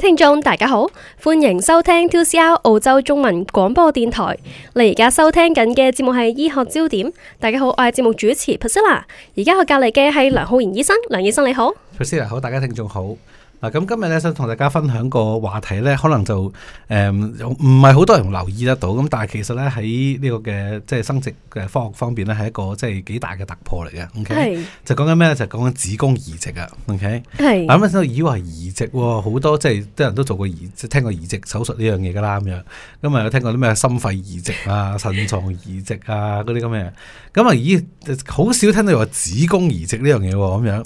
聽眾大家好，歡迎收聽 2CR 澳洲中文廣播電台。你而家收聽緊嘅節目係醫學焦點。大家好，我係節目主持 Priscilla，而家我隔籬嘅係梁浩然醫生，梁醫生你好。Priscilla 好，大家聽眾好。嗱咁今日咧想同大家分享個話題咧，可能就誒唔係好多人留意得到咁，但係其實咧喺呢個嘅即係生殖嘅科學方面咧，係一個即係幾大嘅突破嚟嘅。OK，是就講緊咩咧？就講緊子宮移植啊。OK，啱啱先我以為移植，好、okay? 是啊、多即係啲人都做過移即係聽過移植手術呢樣嘢噶啦咁樣。咁啊有聽過啲咩心肺移植啊、腎臟移植啊嗰啲咁嘅。咁啊 咦，好少聽到話子宮移植呢樣嘢咁樣。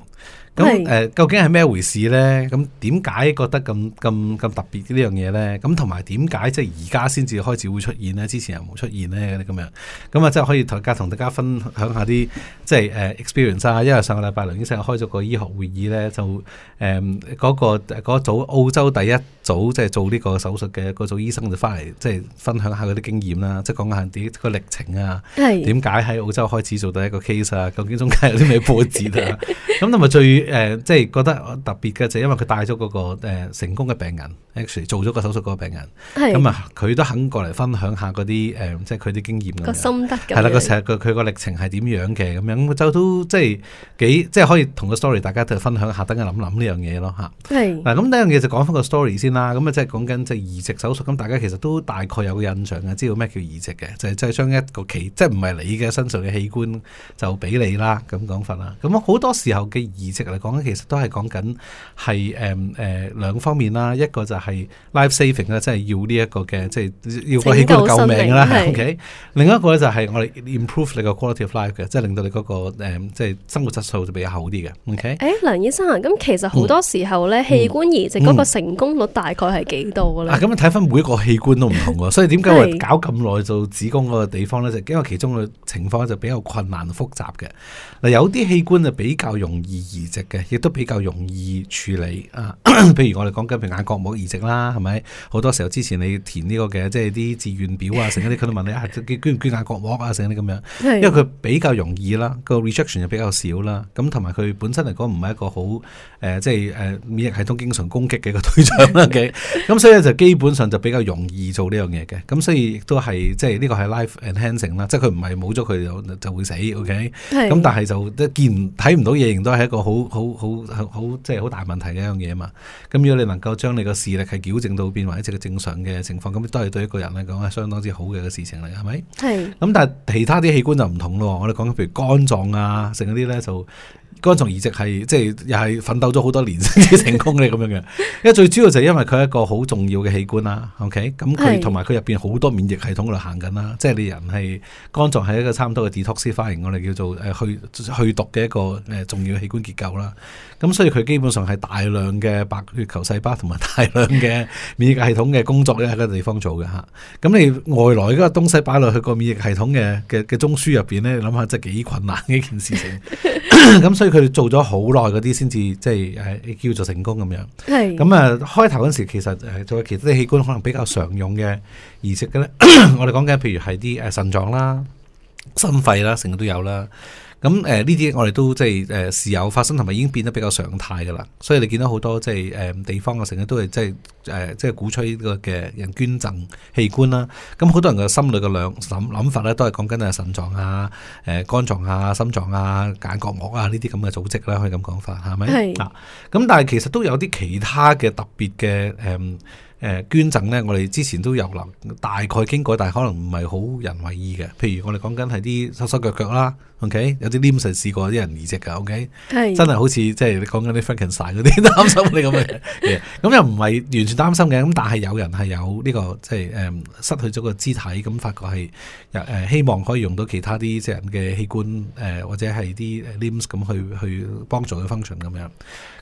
咁誒、呃，究竟係咩回事咧？咁點解覺得咁咁咁特別呢樣嘢咧？咁同埋點解即係而家先至開始會出現咧？之前又冇出現咧咁樣。咁啊，即係可以同家同大家分享一下啲即係誒、呃、experience 啊。因為上個禮拜梁醫生開咗個醫學會議咧，就誒嗰、呃那個嗰、那個、組澳洲第一組即係做呢個手術嘅嗰組醫生就翻嚟，即係分享一下嗰啲經驗啦、啊。即係講下自己個歷程啊，點解喺澳洲開始做第一個 case 啊？究竟中間有啲咩波折啊？咁同埋最。 誒、呃，即係覺得特別嘅就因為佢帶咗嗰個誒、呃、成功嘅病人，actually 做咗個手術嗰個病人，咁啊佢都肯過嚟分享一下嗰啲誒，即係佢啲經驗個心得嘅係啦，個成個佢個歷程係點樣嘅咁樣就都即係幾即係可以同個 story，大家就分享一下，等佢諗諗呢樣嘢咯吓。嗱咁呢樣嘢就講翻個 story 先啦，咁、嗯、啊即係講緊即係移植手術，咁、嗯、大家其實都大概有個印象嘅，知道咩叫移植嘅，就係即係將一個器，即係唔係你嘅身上嘅器官就俾你啦，咁講法啦。咁、嗯、好多時候嘅移植。嚟講其實都係講緊係誒誒兩方面啦。一個就係 life saving 咧，即係要呢一個嘅，即係要個器官救命啦。命 OK，是另一個咧就係我哋 improve 你個 quality of life 嘅，是即係令到你嗰、那個誒、嗯、即係生活質素就比較好啲嘅。OK，誒、哎、梁醫生，咁其實好多時候咧，嗯、器官移植嗰個成功率大概係幾多咧、嗯嗯？啊，咁啊睇翻每一個器官都唔同噶。 所以點解我搞咁耐做子宮嗰個地方咧？就是因為其中嘅情況就比較困難複雜嘅。嗱、呃，有啲器官就比較容易移植。亦都比較容易處理啊！譬如我哋講緊眼角膜移植啦，係咪好多時候之前你填呢個嘅，即係啲志願表啊，成嗰啲佢都問你啊，捐唔捐眼角膜啊，成啲咁樣。因為佢比較容易啦，個 rejection 又比較少啦。咁同埋佢本身嚟講唔係一個好、啊、即係、啊、免疫系統經常攻擊嘅一個對象啦。O K、 啊。咁所以就基本上就比較容易做呢樣嘢嘅。咁、啊、所以都係即係呢個係 life enhancing 啦、啊，即係佢唔係冇咗佢就會會死。O、okay? K、啊。咁但係就見見睇唔到嘢，仍然都係一個好。好好好，即係好大問題嘅一樣嘢嘛。咁如果你能夠將你個視力係矯正到變為一個正常嘅情況，咁都係對一個人嚟講係相當之好嘅一個事情嚟，係咪？係是。咁、嗯、但係其他啲器官就唔同咯。我哋講緊譬如肝臟啊，剩啲咧就。肝臟移植係即係又係奮鬥咗好多年先至成功嘅咁樣嘅，因為最主要就係因為佢係一個好重要嘅器官啦。OK，咁佢同埋佢入邊好多免疫系統嗰度行緊啦。即係你人係肝臟係一個差唔多嘅 detoxifier，我哋叫做誒去去毒嘅一個誒重要器官結構啦。咁所以佢基本上係大量嘅白血球細胞同埋大量嘅免疫系統嘅工作咧喺個地方做嘅吓。咁你外來嗰個東西擺落去個免疫系統嘅嘅嘅中樞入邊咧，你諗下真係幾困難嘅一件事情。咁、 嗯、所以佢哋做咗好耐嗰啲先至即係誒、啊、叫做成功咁樣。係咁是、嗯、啊開頭嗰時候其實誒、啊、做其他啲器官可能比較常用嘅儀式嘅，咧，我哋講緊譬如係啲誒腎臟啦、心肺啦，成日都有啦。咁誒呢啲我哋都即係誒時有發生，同埋已經變得比較常態㗎啦。所以你見到好多即係誒地方嘅成日都係即係即係鼓吹呢個嘅人捐贈器官啦。咁好多人嘅心理嘅兩諗諗法咧，都係講緊啊腎臟啊、肝臟啊、心臟啊、眼角膜啊呢啲咁嘅組織啦。可以咁講法，係咪？係。咁但係其實都有啲其他嘅特別嘅誒捐贈咧，我哋之前都有啦，大概經過，但係可能唔係好人為意嘅。譬如我哋講緊係啲手手腳腳啦。O、okay? K. 有啲 limbs 試過啲人移植㗎，O K. 真係好似即係你講緊啲 function 曬嗰啲擔心你咁嘅嘢，咁又唔係完全擔心嘅，咁但係有人係有呢、這個即係誒失去咗個肢體，咁、嗯、發覺係誒、呃、希望可以用到其他啲即人嘅器官誒、呃、或者係啲 limbs 咁去去幫助佢 function 咁樣，咁、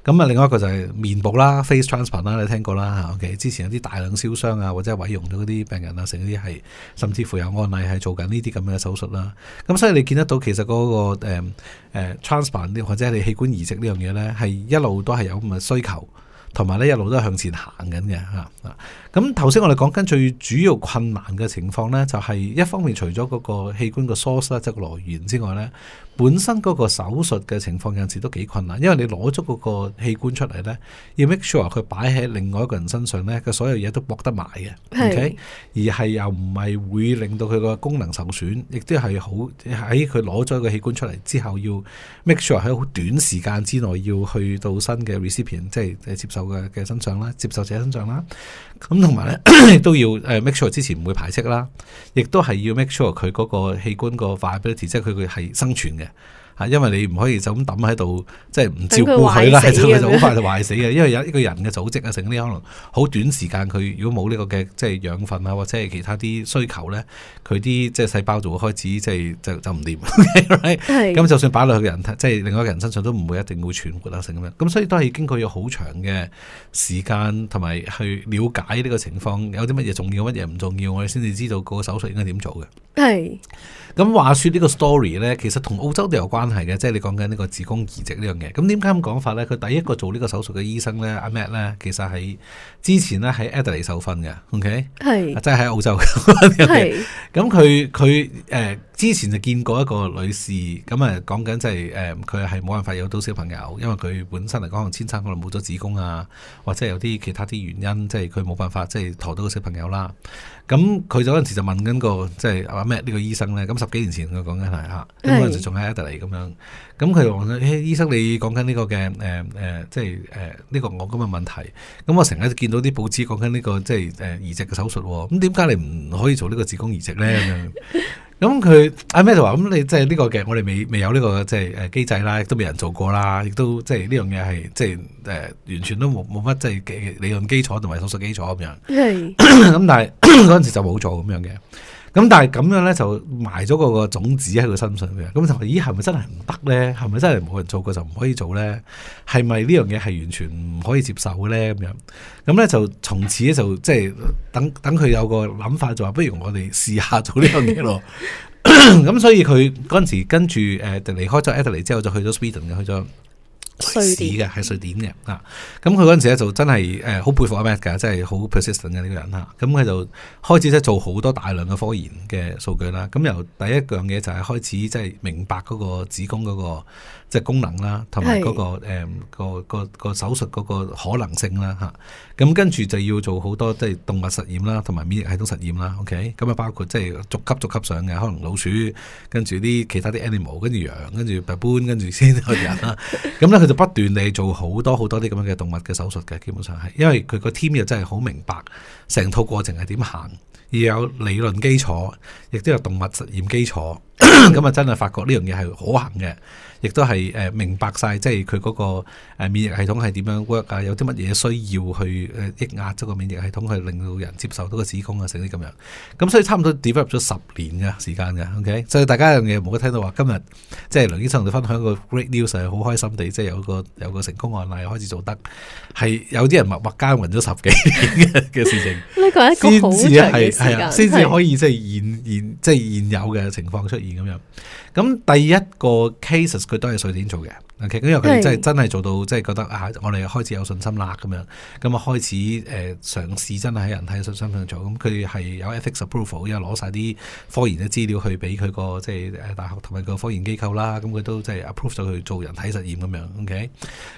嗯、啊另外一個就係面部啦 ，face transplant 啦你聽過啦，O、okay? K. 之前有啲大量燒傷啊或者毀容咗嗰啲病人啊，成啲係甚至乎有案例係做緊呢啲咁嘅手術啦，咁、嗯、所以你見得到其實。嗰個誒誒 transplant 呢，或者係你器官移植呢樣嘢咧，係一路都係有咁嘅需求，同埋咧一路都向前行緊嘅嚇。咁頭先我哋講緊最主要困難嘅情況咧，就係、是、一方面除咗嗰個器官嘅 source 即係個來源之外咧，本身嗰個手術嘅情況有陣時都幾困難，因為你攞咗嗰個器官出嚟咧，要 make sure 佢擺喺另外一個人身上咧，佢所有嘢都駁得埋嘅是，OK？而係又唔係會令到佢個功能受損，亦都係好喺佢攞咗個器官出嚟之後要 make sure 喺好短時間之內要去到新嘅 recipient 即係接受嘅嘅身上啦，接受者身上啦，咁。同埋咧都要誒 make sure 之前唔會排斥啦，亦都係要 make sure 佢嗰個器官個 viability，即係佢佢係生存嘅。因為你唔可以就咁抌喺度，即係唔照顧佢啦，就佢就好快就壞死嘅。 因為有呢個人嘅組織啊，成啲可能好短時間，佢如果冇呢、這個嘅即係養分啊，或者係其他啲需求咧，佢啲即係細胞就會開始即係就是、就唔掂。咁就， Right? 是就算擺落去人，即、就、係、是、另外一個人身上都唔會一定會存活啊，成咁樣。咁所以都係經過有好長嘅時間同埋去了解呢個情況，有啲乜嘢重要，乜嘢唔重要，我哋先至知道個手術應該點做嘅。係是。咁話説呢個 story 咧，其實同澳洲都有關。係嘅，即係你講緊呢個子宮移植事麼麼呢樣嘢。咁點解咁講法咧？佢第一個做呢個手術嘅醫生咧，阿 Matt 咧，其實喺之前咧喺阿德利受訓嘅。OK，係是，即係喺澳洲。係 是。咁佢佢誒之前就見過一個女士，咁啊講緊就係誒佢係冇辦法有到小朋友，因為佢本身嚟講，千生可能冇咗子宮啊，或者有啲其他啲原因，即係佢冇辦法即係陀到個小朋友啦。咁佢就嗰陣時就問緊個即係阿 Matt 呢個醫生咧。咁十幾年前佢講緊係啊，咁陣時仲喺阿德利咁樣。是咁佢話：誒、哎，醫生，你講緊呢個嘅，誒、呃，誒、呃，即、這、係、個，誒、呃，呢、這個我咁嘅問題。咁、嗯、我成日見到啲報紙講緊呢個，即係，誒，移植嘅手術。咁點解你唔可以做呢個子宮移植咧？咁樣。 咁佢阿 Matt 就話：咁、嗯、你即係呢個嘅、這個，我哋未未有呢、這個，即係，誒、呃，機制啦，亦都冇人做過啦，亦都即係呢樣嘢係，即係，誒、呃，完全都冇冇乜，即係理論基礎同埋手術基礎咁樣。咁是 但係嗰陣時就冇做咁樣嘅。咁但係咁樣咧就埋咗個個種子喺佢身上嘅，咁就咦係咪真係唔得咧？係咪真係冇人做過就唔可以做咧？係咪呢樣嘢係完全唔可以接受咧？咁樣，咁咧就從此咧就即係、就是、等等佢有個諗法，就話不如我哋試下做呢樣嘢咯。咁 所以佢嗰陣時跟住誒離開咗 Adler 之後，就去咗 Sweden 去咗。碎嘅，係瑞典嘅。咁佢嗰陣時咧就真係誒好佩服阿 Matt 㗎，真係好 persistent 嘅呢個人。咁佢就開始咧做好多大量嘅科研嘅數據啦。咁由第一樣嘢就係開始即係明白嗰個子宮嗰、嗰個。即係功能啦，同埋嗰個誒是、嗯嗰個、嗰個手術嗰個可能性啦吓。咁跟住就要做好多即係、就是、動物實驗啦，同埋免疫系統實驗啦。OK，咁啊包括即係逐級逐級上嘅，可能老鼠跟住啲其他啲 animal，跟住羊，跟住大跟住先到人啦。咁咧佢就不斷地做好多好多啲咁樣嘅動物嘅手術嘅，基本上係因為佢個 team 又真係好明白成套過程係點行，要有理論基礎，亦都有動物實驗基礎。咁啊， 就真係發覺呢樣嘢係可行嘅，亦都係誒明白晒，即係佢嗰個誒免疫系統係點樣 work 啊？有啲乜嘢需要去誒抑壓咗個免疫系統，去，系統去令到人接受到個子宮啊，成啲咁樣。咁所以差唔多 develop 咗十年嘅時間嘅，OK。所以大家一樣嘢，唔好聽到話今日即係梁醫生同你分享個 great news，好開心地，即、就、係、是、有個有個成功案例開始做得，係有啲人默默耕耘咗十幾年嘅事情。呢個 一個好長嘅時間，係先至可以即係現現即係現有嘅情況出現咁咁第一個 case 佢都係瑞典做嘅，OK？因為佢真係真係做到，是即係覺得啊，我哋開始有信心啦咁樣，咁啊開始誒、呃、嘗試真係喺人體信心上做，咁佢係有 ethics approval，又攞晒啲科研嘅資料去俾佢個即係大學同埋個科研機構啦，咁佢都即係 approve 咗佢做人體實驗咁樣，OK，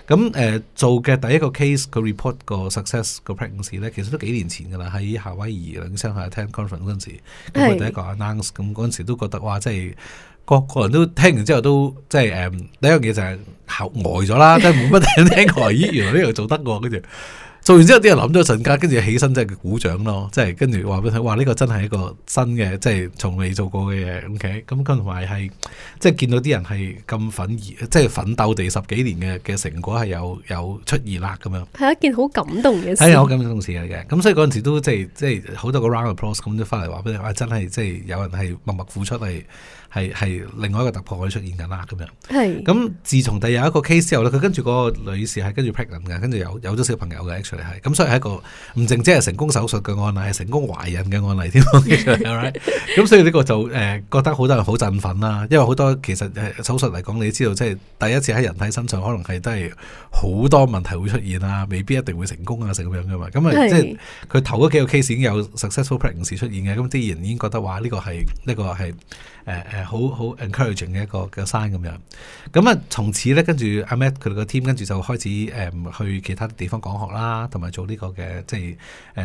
咁、呃、做嘅第一個 case 佢 report 個 success 個 practice 咧，其實都幾年前㗎啦，喺夏威夷兩千下聽 conference 嗰陣時，咁佢第一個 announce，咁嗰是時都覺得哇，即各個人都聽完之後都即係誒，第一樣嘢就係呆咗啦， 即係冇乜聽聽過咦， 原來呢樣做得過，跟住，做完之後啲人諗咗一陣間，跟住起身即係鼓掌咯，即係跟住話俾佢聽，話呢個真係一個新嘅，即係從未做過嘅嘢。O K，咁跟住埋係即係見到啲人係咁奮即係奮鬥地十幾年嘅嘅成果係有有出現啦，咁樣係一件好感動嘅事。係啊，好感動嘅事嚟嘅。咁所以嗰陣時都即係即係好多個 round of applause 咁都翻嚟話俾你，啊真係即係有人係默默付出嚟。係係另外一個突破可以出現㗎啦，咁樣。係是。咁、嗯、自從第二有一個 case 之後咧，佢跟住個女士係跟住 pregnant 嘅，跟住有有咗小朋友嘅，actually 係。咁、嗯、所以係一個唔淨只係成功手術嘅案例，係成功懷孕嘅案例添。咁、 嗯、所以呢個就誒、呃、覺得好多人好振奮啦，因為好多其實、呃、手術嚟講，你知道即係第一次喺人體身上，可能係都係好多問題會出現啊，未必一定會成功啊，成咁樣噶嘛。咁、嗯、啊是、嗯，即係佢頭嗰幾個 case 已經有 successful pregnancy 出現嘅，咁啲人已經覺得話呢個係呢、呢個係誒誒。呃呃好好 encouraging 嘅一個嘅山咁樣，咁啊，從此咧跟住阿 Matt 佢個 team 跟住就開始誒、嗯、去其他地方講學啦，同埋做呢個嘅即係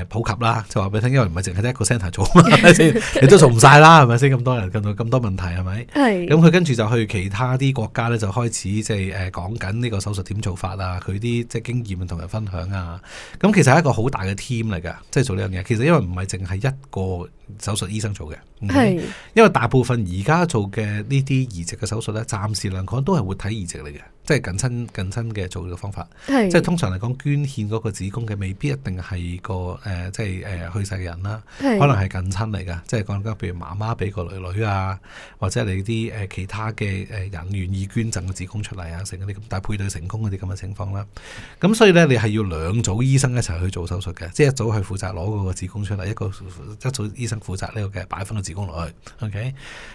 誒普及啦，就話俾你聽，因為唔係淨係得一個 center 做嘛，係咪先？你都做唔晒啦，係咪先？咁多人，咁多，咁多問題係咪？係。咁佢是跟住就去其他啲國家咧，就開始即係誒講緊呢個手術點做法啊，佢啲即係經驗同人分享啊。咁其實係一個好大嘅 team 嚟噶，即、就、係、是、做呢樣嘢。其實因為唔係淨係一個。手術醫生做嘅，係是因為大部分而家做嘅呢啲移植嘅手術咧，暫時嚟講都係活體移植嚟嘅，即係近親近親嘅做嘅方法。是即係通常嚟講，捐獻嗰個子宮嘅未必一定係個誒、呃，即係誒去世嘅人啦，是可能係近親嚟噶，即係講緊譬如媽媽俾個女女啊，或者你啲誒其他嘅誒人願意捐贈嘅子宮出嚟啊，成嗰啲，但係配對成功嗰啲咁嘅情況啦、啊。咁所以咧，你係要兩組醫生一齊去做手術嘅，即係一組係負責攞嗰個子宮出嚟，一個一組醫生，負責呢個嘅擺翻個子宮落去，OK？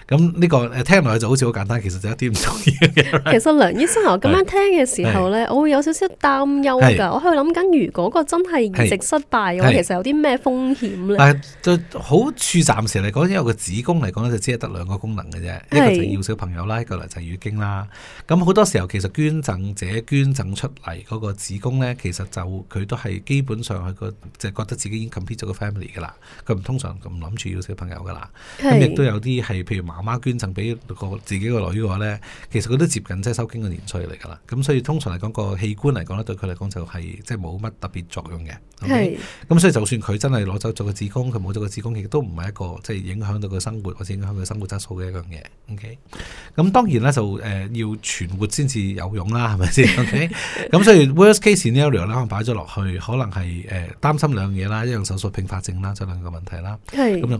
咁呢個聽落去就好似好簡單，其實就一啲唔重要嘅。Right? 其實梁醫生，我咁樣聽嘅時候咧，是我會有少少擔憂噶，是我喺度諗緊，如果個真係移植失敗，是我其實有啲咩風險咧？但係就好處，暫時嚟講，因為個子宮嚟講咧，就只係得兩個功能嘅啫是，一個就要小朋友啦，一個嚟就月經啦。咁好多時候其實捐贈者捐贈出嚟嗰個子宮咧，其實就佢都係基本上佢個就覺得自己已經 complete 咗個 family 噶啦，佢唔通常咁諗。住要小朋友噶啦，咁亦是都有啲係，譬如媽媽捐贈俾個自己個女嘅話咧，其實佢都接近即係收經嘅年歲嚟噶啦。咁所以通常嚟講，個器官嚟講咧，對佢嚟講就係即係冇乜特別作用嘅。係、okay? 咁是，所以就算佢真係攞走咗個子宮，佢冇咗個子宮，其實都唔係一個即係、就是、影響到個生活或者影響佢生活質素嘅一樣嘢。O K. 咁當然呢，就誒、呃、要存活先至有用啦，係咪先？O K. 咁所以 worst case scenario 咧，可能擺咗落去，可能係誒擔心兩樣嘢啦，一樣手術併發症啦，就兩個問題啦。咁就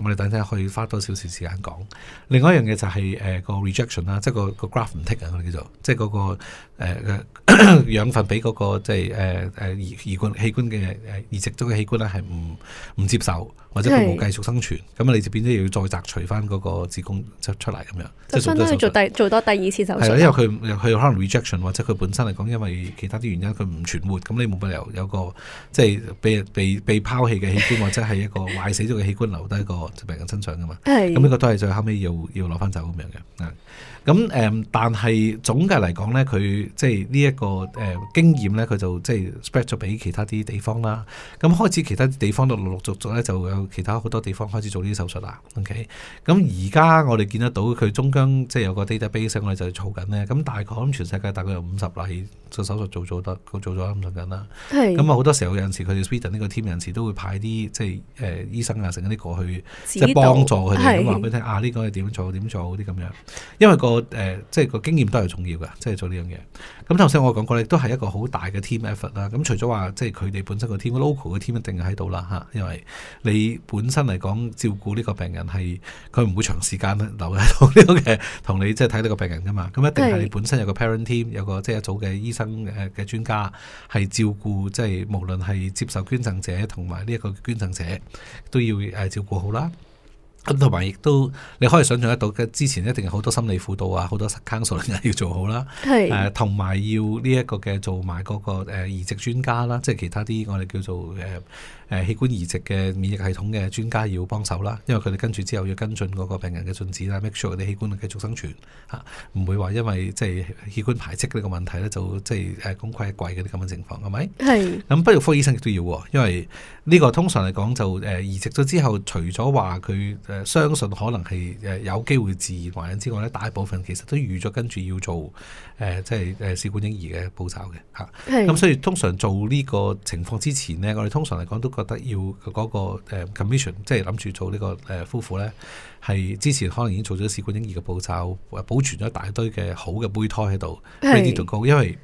會，我哋等陣去花多少少時間講。另外一樣嘢就係誒個 rejection 啦，即係個個 graft 唔 take 啊，我哋叫做，即係嗰個誒嘅 養分畀嗰個即係誒誒移移冠器官嘅誒移植咗嘅器官咧，係唔唔接受。或者佢冇繼續生存，咁是你就變咗要再摘除翻嗰個子宮出出嚟咁樣，是就相當於做第做多第二次手術。係因為佢佢可能 rejection，或者佢本身嚟講，因為其他啲原因佢唔存活，咁你冇不由有個即係被被被拋棄嘅器官， 或者係一個壞死咗嘅器官留低個病人身上噶嘛。咁呢是個都係最後尾要要攞翻走咁樣嘅。咁、嗯、但係總嘅嚟講咧，佢即係呢一個誒、呃、經驗咧，佢就即係 spread 咗俾其他啲地方啦。咁開始其他啲地方都陸陸續續咧就有。其他好多地方開始做呢啲手術啦，OK？咁而家我哋見得到佢中間即係有個 data base，我哋就做緊咧。咁大概咁全世界大概有五十例做手術做做得，佢做咗十緊啦。咁啊，好是多時候有陣時佢哋 Sweden 呢個 team 陣時，陣時都會派啲即係誒、呃、醫生啊成，成啲過去即係幫助佢哋咁話俾你聽啊，呢、呢個係點做點做啲咁樣。因為、那個即係、呃就是、個經驗都係重要嘅、就是，即係做呢樣嘢。咁頭先我講過咧，都係一個好大嘅 team effort 啦。咁除咗話即係佢哋本身個 team local 嘅 team 一定喺度啦嚇，因為你。本身嚟講照顧呢個病人係佢唔會長時間留喺度呢個嘅，同你即係睇呢個病人㗎嘛，咁一定係你本身有個 parent team，有個即係、就是、一組嘅醫生誒嘅專家係照顧，即、就、係、是、無論係接受捐贈者同埋呢一個捐贈者都要誒、啊、照顧好啦。咁同埋亦都你可以想象得到嘅，之前一定好多心理輔導啊，好多 counseling 要做好啦，誒同埋要呢一個嘅做埋、那、嗰個誒、啊、移植專家啦、啊，即係其他啲我哋叫做誒。啊誒、啊，器官移植嘅免疫系統嘅專家要幫手啦，因為佢哋跟住之後要跟進嗰個病人嘅進展啦，make sure 啲器官繼續生存吓，唔、啊、會話因為即係、就是、器官排斥呢個問題咧，就即係誒功虧一簣嘅啲咁嘅情況係咪？係。咁是不育科醫生亦都要，因為呢個通常嚟講就誒移植咗之後，除咗話佢誒相信可能係誒有機會自然懷孕之外咧，大部分其實都預咗跟住要做誒即係誒試管嬰兒嘅步驟嘅吓。咁、啊、是所以通常做呢個情況之前咧，我哋通常嚟講都覺。覺得要嗰個 commission，即係諗住做呢個夫婦咧，係之前可能已經做咗試管嬰兒嘅步驟，保存咗一大堆嘅好嘅胚胎喺度 v e 都高。是 go, 因為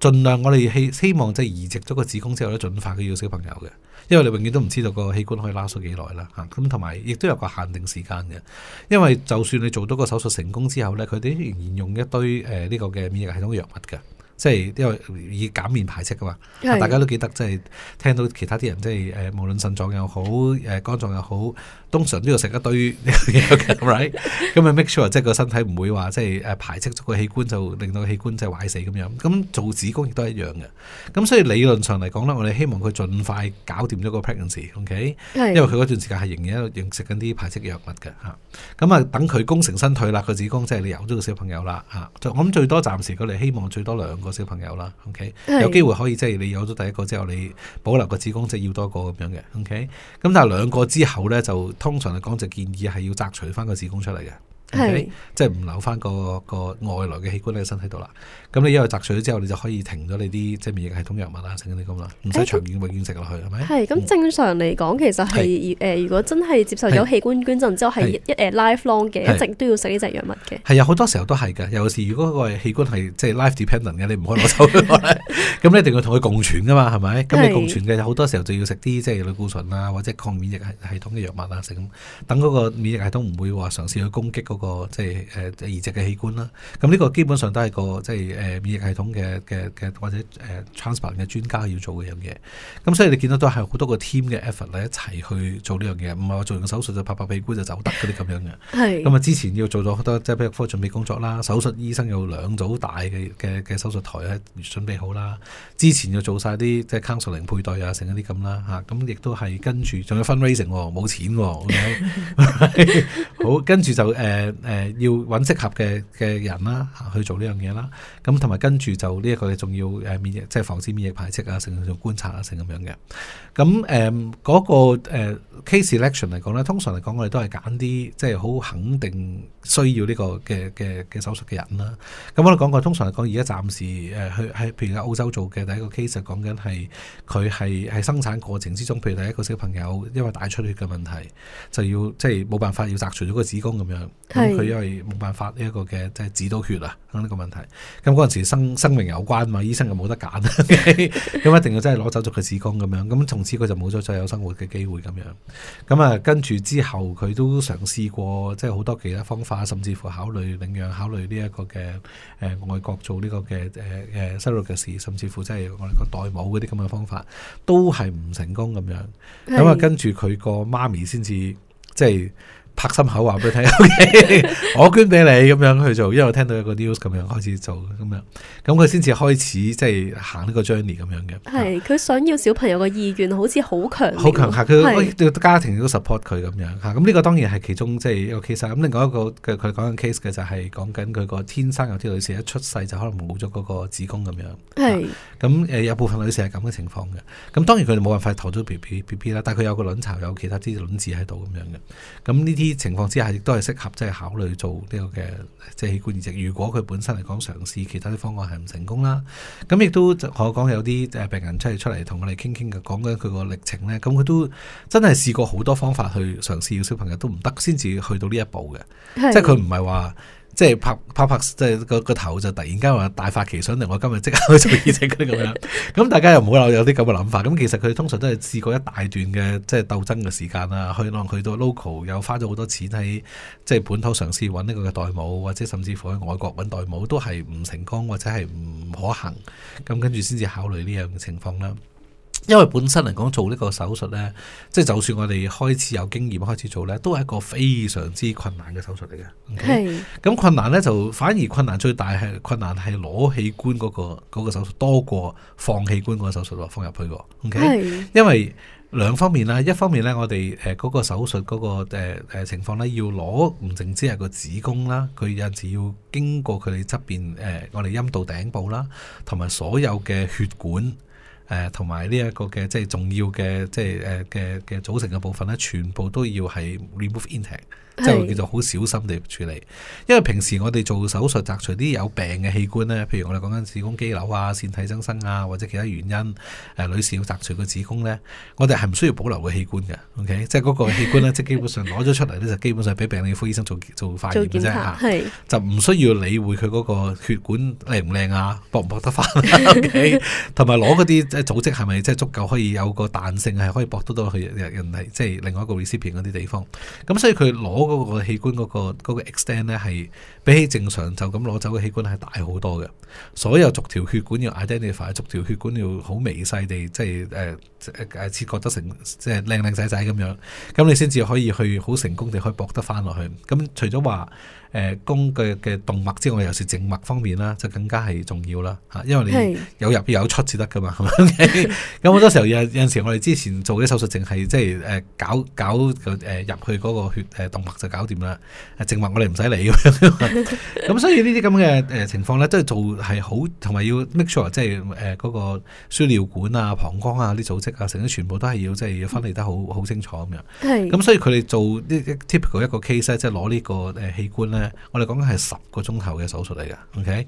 盡量我哋希希望即係移植咗個子宮之後咧，盡快佢要小朋友嘅，因為你永遠都唔知道個器官可以拉縮幾耐啦吓。咁同埋亦都有個限定時間嘅，因為就算你做到個手術成功之後咧，佢哋仍然用一堆呢個嘅免疫系統藥物嘅。即係因為以減免排斥噶嘛，是 大家都記得即係、就是、聽到其他啲人即係誒，無論腎臟又好，誒肝臟又好，通常都要食一堆呢樣嘢嘅，咁咪、 right? make sure 即係個身體唔會話即係誒排斥咗個器官，就令到器官即係壞死咁樣。咁做子宮亦都係一樣嘅，咁所以理論上嚟講咧，我哋希望佢盡快搞掂咗個 pregnancy，OK？、Okay？是 因為佢嗰段時間係仍然喺度食緊啲排斥藥物嘅吓。咁啊，等佢功成身退啦，個子宮即係你有咗個小朋友啦啊。我諗最多暫時佢哋希望最多兩。個小朋友啦，OK，有機會可以即係、就是、你有咗第一個之後，你保留個子宮，即、就、係、是、要多個咁樣嘅，OK。咁但係兩個之後咧，就通常嚟講就建議係要摘除翻個子宮出嚟嘅。係，Okay? 是即係唔留翻個個外來嘅器官喺身體度啦。咁你因為摘除咗之後，你就可以停咗你啲即係免疫系統藥物啦，剩嗰啲咁啦，唔使長遠永遠食落去係咪？係，咁正常嚟講，其實係誒，是如果真係接受咗器官捐贈之後，係一誒 lifelong 嘅，一直都要食呢隻藥物嘅。係啊，好多時候都係噶。尤其是如果個器官係即係 life dependent 嘅，你唔可以攞走嘅，咁 你一定要同佢共存噶嘛，係咪？咁你共存嘅，好多時候就要食啲即係類固醇啊，或者抗免疫系系統嘅藥物啊，食等嗰個免疫系統唔會話嘗試去攻擊嗰。個即係誒移植嘅器官啦，咁呢個基本上都係個即係誒免疫系統嘅嘅嘅或者誒 transplant 嘅專家要做嘅樣嘢，咁所以你見到都係好多個 team 嘅 effort 嚟一齊去做呢樣嘢，唔係話做完手術就拍拍屁股就走得嗰啲咁樣嘅。係是，咁啊之前要做咗好多即係譬如科準備工作啦，手術醫生有兩組大嘅嘅嘅手術台喺準備好啦，之前要做晒啲即係 counseling 配對啊，成一啲咁啦吓，咁亦都係跟住仲有 fundraising 冇錢，好跟住就誒。誒要揾適合嘅嘅人啦，去做呢樣嘢啦。咁同埋跟住就呢一個仲要誒免疫，即係防止免疫排斥啊，成日做觀察啊，成咁樣嘅。咁誒嗰個 case selection 嚟講咧，通常嚟講，我哋都係揀啲即係好肯定需要呢個嘅嘅嘅手術嘅人啦。咁我哋講過，通常嚟講，而家暫時誒去喺譬如喺澳洲做嘅第一個 case，講緊係佢係喺生產過程之中，譬如第一個小朋友因為大出血嘅問題，就要即係冇辦法要摘除咗個子宮咁樣。佢因為冇辦法呢一個嘅即係止到血啊，咁、呢、呢個問題。咁嗰陣時生生命有關嘛，醫生就冇得揀，因為 一定要真係攞走咗佢子宮咁樣。咁從此佢就冇咗再有生活嘅機會咁樣。咁啊，跟住之後佢都嘗試過即係好多其他方法，甚至乎考慮領養、考慮呢一個嘅誒、呃、外國做呢個嘅誒誒收養嘅事，甚至乎即係我哋個代母嗰啲咁嘅方法，都係唔成功咁樣。咁啊，是跟住佢個媽咪先至即係。拍心口話俾你聽，okay, 我捐俾你咁樣去做，因為我聽到一個 news 咁樣開始做咁樣，咁佢先至開始即係行呢個 journey 咁樣嘅。係，佢 想要小朋友嘅意願好似好強，好強，佢個家庭都 support 佢咁樣嚇。咁呢個當然係其中即係一個 case。咁另外一個佢佢講緊 case 嘅就係講緊佢個天生有啲女士一出世就可能冇咗嗰個子宮咁樣。係的。咁誒、呃、有部分女士係咁嘅情況嘅。咁當然佢哋冇辦法投咗 BB BB 啦，但係佢有個卵巢有其他啲卵子喺度咁樣嘅。咁呢啲。啲情況之下，亦都係適合即係考慮做呢個嘅即係器官移植。如果佢本身嚟講嘗試其他啲方案係唔成功啦，咁亦都可講有啲誒病人出嚟出嚟同我哋傾傾嘅，講緊佢個歷程咧，咁佢都真係試過好多方法去嘗試，要小朋友都唔得，先至去到呢一步嘅，是 即係佢唔係話。即係拍拍拍，即係個個頭就突然間話大發奇想，嚟，我今日即刻去做醫生嘅咁樣。咁 大家又唔好有啲咁嘅諗法。咁其實佢通常都係試過一大段嘅即係鬥爭嘅時間啦，去浪去到 local 又花咗好多錢喺即係本土嘗試揾呢個嘅代母，或者甚至乎喺外國揾代母都係唔成功或者係唔可行。咁跟住先至考慮呢樣嘅情況啦。因為本身嚟講做呢個手術呢，即係就算我哋開始有經驗開始做呢，都係一個非常之困難嘅手術嚟嘅。咁是、嗯、困難呢，就反而困難最大係困難係攞器官嗰、嗰個、嗰個手術多過放器官嗰個手術咯，放入去個。係、okay? 是，因為兩方面啦，一方面呢，我哋誒嗰個手術嗰、嗰個誒誒、呃呃、情況呢，要攞唔淨止係個子宮啦，佢有陣時要經過佢哋側邊誒我哋陰道頂部啦，同埋所有嘅血管。誒，同埋呢一個嘅即係重要嘅即係誒嘅嘅組成嘅部分咧，全部都要係 remove intact。即係叫做好小心地處理，因為平時我哋做手術摘除啲有病嘅器官咧，譬如我哋講緊子宮肌瘤啊、腺體增生啊，或者其他原因、呃、女士要摘除個子宮咧，我哋係唔需要保留器、okay? 個器官嘅，OK？即係嗰個器官咧，即 基本上攞咗出嚟咧，就基本上俾病理科醫生做做化驗嘅啫嚇，就唔需要理會佢嗰個血管靚唔靚啊、搏唔搏得翻，OK？同埋攞嗰啲即係組織係咪即係足夠可以有個彈性係可以搏得到去人哋，即、就、係、是、另外一個 recipient 嗰啲地方，咁所以佢攞。嗰個器官嗰個嗰個 extent 咧係比起正常就咁攞走嘅器官係大好多嘅，所有逐條血管要 identify，逐條血管要好微細地即係誒誒切割得成，即係靚靚仔仔咁樣，咁你先至可以去好成功地可以博得翻落去。咁除咗話，工具嘅嘅動脈之外，尤其是靜脈方面啦，就更加係重要啦吓，因為你有入有出至得噶嘛，係咪？咁好多時候有有陣時，我哋之前做嘅手術是，淨係即係誒搞搞個入去嗰個血誒動脈就搞掂啦，靜脈我哋唔使理咁。 所以呢啲咁嘅誒情況咧，即、就、係、是、做係好同埋要 make sure 即係誒嗰個輸尿管啊、膀胱啊啲組織啊，成啲全部都係要即係、就是、要分離得好好、嗯、清楚咁樣。咁，是 所以佢哋做呢一 typical 一個 case 即係攞呢個誒器官咧。我哋講緊係十個鐘頭嘅手術嚟噶，OK？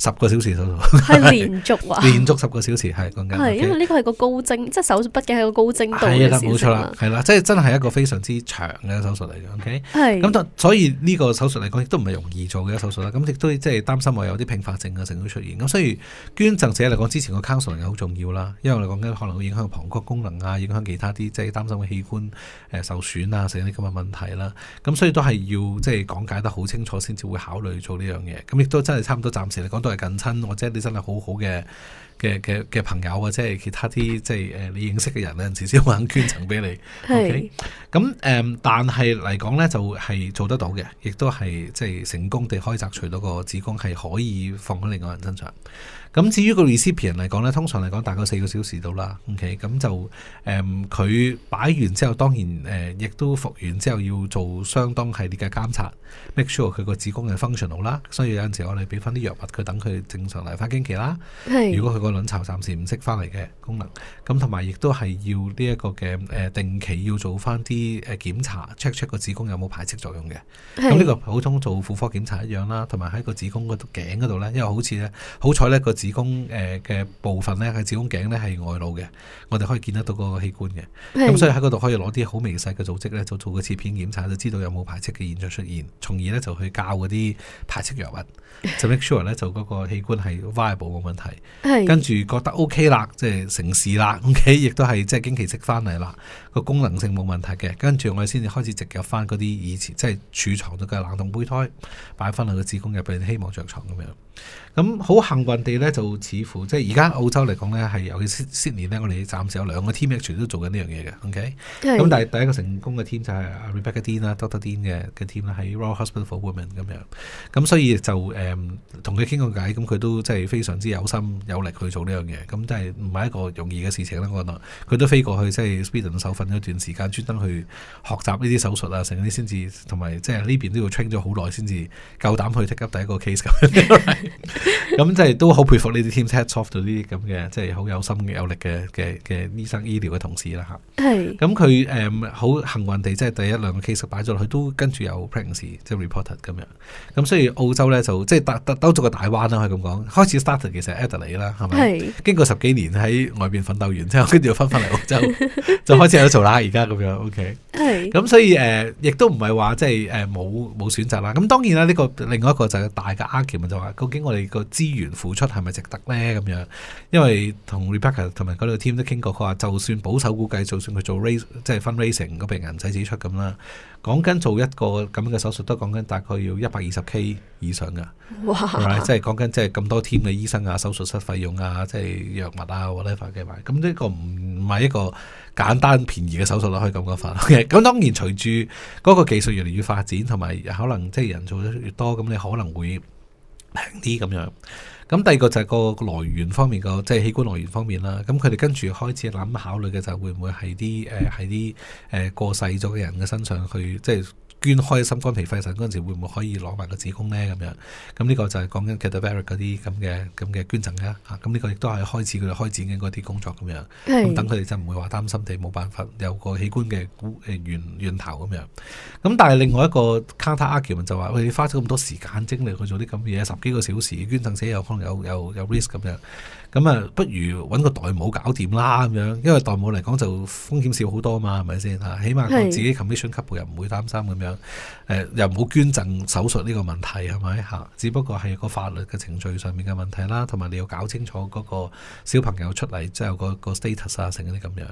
十個小時手術係連續啊！ 連續十個小時係講緊係，是 okay 因為呢個係個高精，即係手術畢竟係個高精度嘅冇錯啦，係啦，即係真係一個非常之長嘅手術嚟嘅。OK，咁是所以呢個手術嚟講，亦都唔係容易做嘅手術啦。咁亦都即係擔心話有啲併發症嘅情況出現。咁所以捐贈者嚟講，之前個 counseling 好重要啦，因為嚟講咧可能會影響膀胱功能啊，影響其他啲，即係擔心嘅器官誒受損啊，成啲咁嘅問題啦。咁所以都係要即係講解得好清楚，先至會考慮做呢樣嘢。咁亦都真係差唔多暫時嚟講係近親，或者你真係好好嘅嘅嘅嘅朋友啊，即係其他啲即係誒你認識嘅人咧，有陣時先會肯捐贈俾你。是 OK，咁、嗯、誒，但係嚟講咧，就係、是、做得到嘅，亦都係即係成功地開摘除到個子宮，係可以放喺另外人身上。咁至於個 recipient 嚟講咧，通常嚟講大概四個小時到啦。OK，咁就誒，佢、嗯、擺完之後，當然誒，亦、呃、都復完之後要做相當系列嘅監察。make sure 佢個子宮嘅 functional 啦。所以有陣時我哋俾翻啲藥物，佢等佢正常嚟翻經期啦。是如果佢、嗰個卵巢暫時唔識翻嚟嘅功能，咁同埋亦都係要呢一個嘅誒定期要做翻啲誒檢查，check check 個子宮有冇排斥作用嘅。咁呢是個普通做婦科檢查一樣啦，同埋喺個子宮嗰度頸嗰度咧，因為好似咧好彩咧個子宮誒嘅部分咧，係子宮頸咧係外露嘅，我哋可以見得到個器官嘅。咁是所以喺嗰度可以攞啲好微細嘅組織咧，就做個切片檢查，就知道有冇排斥嘅現象出現，從而咧就去教嗰啲排斥藥物， 就 make sure 咧就嗰個器官係 viable 嘅問題。係是。跟住覺得 OK 啦，即係成事啦，OK，亦都係即係經期食翻嚟啦，個功能性冇問題嘅。跟住我哋先至開始植入翻嗰啲以前即係儲藏咗嘅冷凍胚胎，擺翻喺個子宮入邊，希望着床咁樣。咁好幸運地咧，就似乎即係而家澳洲嚟講咧，係尤其 Sydney 咧，我哋暫時有兩個 team 全部都做緊呢樣嘢嘅，OK 是。咁但係第一個成功嘅 team 就係 Rebecca Dean 啦，啊，Doctor Dean 嘅嘅 team 啦，喺 Royal Hospital for Women 咁樣。咁所以就誒同佢傾過偈，咁，嗯，佢都即係非常之有心有力去。做呢樣嘢咁真係唔係一個容易嘅事情啦。我覺得佢都飛過去，即係 speedon 手瞓咗段時間，專登去學習呢啲手術啊，成嗰啲先至同埋即係呢邊都要 train 咗好耐先至夠膽去 take up 第一個 case 咁樣。咁即係都好佩服呢啲 team hats off 到呢啲咁嘅，即係好有心嘅、有力嘅嘅嘅醫生醫療嘅同事啦嚇。咁佢誒好幸運地，即係第一兩個 case 擺咗落去，都跟住有 pressing 時即係 report 咁樣。咁所以澳洲咧就即係打兜咗個大彎啦，可以咁講。開始 start 其實 Adley 啦，係咪？經是經過十幾年喺外邊奮鬥完之後，跟住又翻翻嚟澳洲， 就開始有得做啦。而家咁樣，OK，咁是，所以誒、呃，亦都唔係話即係誒，冇、呃、冇選擇啦。咁當然啦，呢、這個另外一個就係大嘅 argument，就話，究竟我哋個資源付出係咪值得呢？咁樣，因為同 Rebecca 同埋佢哋 team 都傾過，佢話就算保守估計，就算佢做 raise 即係分 raising 個病人仔使出咁啦。講緊做一個咁嘅手術，都講緊大概要一百二十 K 以上噶，即係講緊即係咁多 team 嘅醫生啊，手術室費用啊，即係藥物啊或者計埋，咁呢個唔係一個簡單便宜嘅手術咯，可以咁講法。咁、okay? 當然隨住嗰個技術越嚟越發展，同埋可能即係人做得越多，咁你可能會平啲咁樣。咁第二個就係個來源方面個即係器官來源方面啦。咁佢哋跟住開始諗考慮嘅就係會唔會係啲誒喺啲誒過世咗嘅人嘅身上去，即係。捐開心肝脾肺腎嗰陣時，會唔會可以攞埋個子宮呢咁樣，咁呢個就係講緊 Cadaveric 嗰啲咁嘅咁嘅捐贈嘅嚇，咁、啊、呢、這個亦都係開始佢哋開展緊嗰啲工作咁樣，咁等佢哋就唔會話擔心地冇辦法有個器官嘅源源頭咁樣。咁但係另外一個 counter argument 就話、是：喂，花咗咁多時間精力去做啲咁嘢，十幾個小時，捐贈者有可能有有有 risk 咁樣咁啊，不如揾個代母搞掂啦咁樣，因為代母嚟講就風險少好多嘛，係咪先嚇？起碼佢自己頭尾選級部又唔會擔心咁樣，又唔好捐贈手術呢個問題係咪嚇？只不過係個法律嘅程序上面嘅問題啦，同埋你要搞清楚嗰個小朋友出嚟之後個 status 啊，成嗰啲咁樣。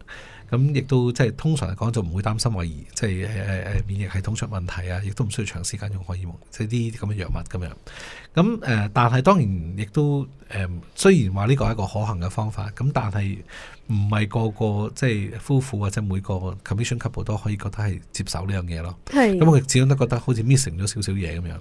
咁亦都即係通常嚟講就唔會擔心愛兒，即係免疫系統出問題啊，亦都唔需要長時間用荷爾蒙，即係啲咁嘅藥物咁樣。咁誒、嗯，但係當然亦都誒，雖然話呢個係一個可行嘅方法，咁但係。唔係個個即係夫婦或者每個 commission couple 都可以覺得係接受呢樣嘢咯。係咁，佢始終都覺得好似 missing 咗少少嘢咁樣。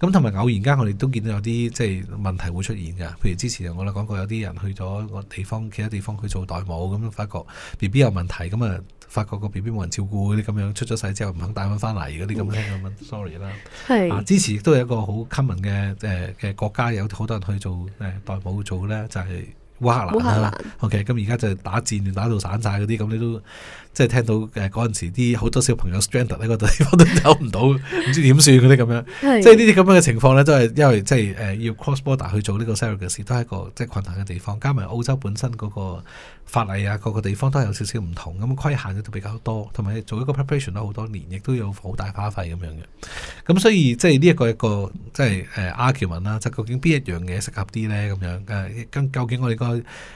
咁同埋偶然間我，我哋都見到有啲即係問題會出現㗎。譬如之前我哋講過，有啲人去咗個地方，其他地方去做代母咁，發覺 BB 有問題，咁啊發覺個 BB 冇人照顧嗰啲咁樣，出咗世之後唔肯帶佢翻嚟嗰啲咁樣咁 sorry 啦。係是的 啊，之前亦都有一個好 common 嘅誒嘅、呃、國家，有好多人去做誒代母做咧，就係、是。烏克蘭 OK 咁而家就打戰亂打到散晒嗰啲，咁你都即係聽到嗰陣時啲好多小朋友 stranded 喺個地方都走唔到，唔 知點算嗰啲咁樣， 即係呢啲咁樣嘅情況咧，都係因為即係、呃、要 cross border 去做呢個 services 都係一個即係困難嘅地方，加埋澳洲本身嗰個法例啊，各個地方都有少少唔同，咁規限都比較多，同埋做一個 preparation 都好多年，亦都有好大花費咁樣嘅。咁所以即係呢一個一個即係、呃、argument 啦，就究竟邊一樣嘢適合啲咧咁樣、啊？究竟我哋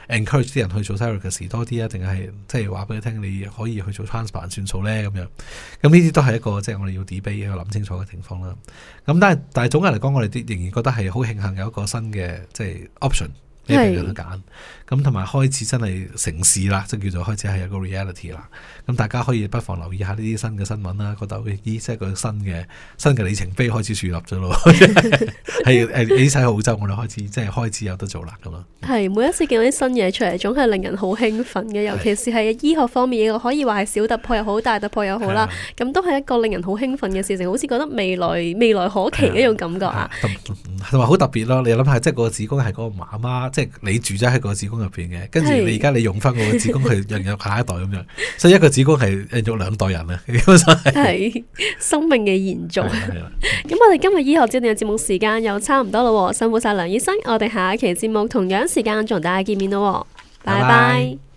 encourage 啲人去做 salary 嘅事多啲啊，定係即係話俾佢聽，你可以去做 t r a n s p e r 算數咧咁樣，咁呢啲都係一個即係、就是、我哋要 d e b a t e 要諗清楚嘅情況啦。咁但係但係總嘅嚟講，我哋仍然覺得係好慶幸有一個新嘅即係 option。咁同埋開始真係成事啦，即係叫做開始係一個 reality 啦。咁大家可以不妨留意下呢啲新嘅新聞啦，覺得咦，即係個新嘅新嘅里程碑開始樹立咗咯。係誒， 你喺澳洲，我哋開始即係開始有得做啦咁咯。係每一次見到啲新嘢出嚟，總係令人好興奮嘅，尤其是係醫學方面可以話係小突破又好，大突破又好啦。咁、啊、都係一個令人好興奮嘅事情，好似覺得未來未來可期嘅一種感覺啊。同埋好特別咯，你諗下，即、就、係、是、個子宮係嗰個媽媽。即係你住咗喺個子宮入邊嘅，跟住你而家你用翻個子宮去孕育下一代咁樣， 所以一個子宮係孕育兩代人啊，根本就係生命嘅延續。咁 我哋今日醫學焦點嘅節目時間又差唔多咯，辛苦晒梁醫生，我哋下一期節目同樣時間再同大家見面咯，拜拜 bye。Bye bye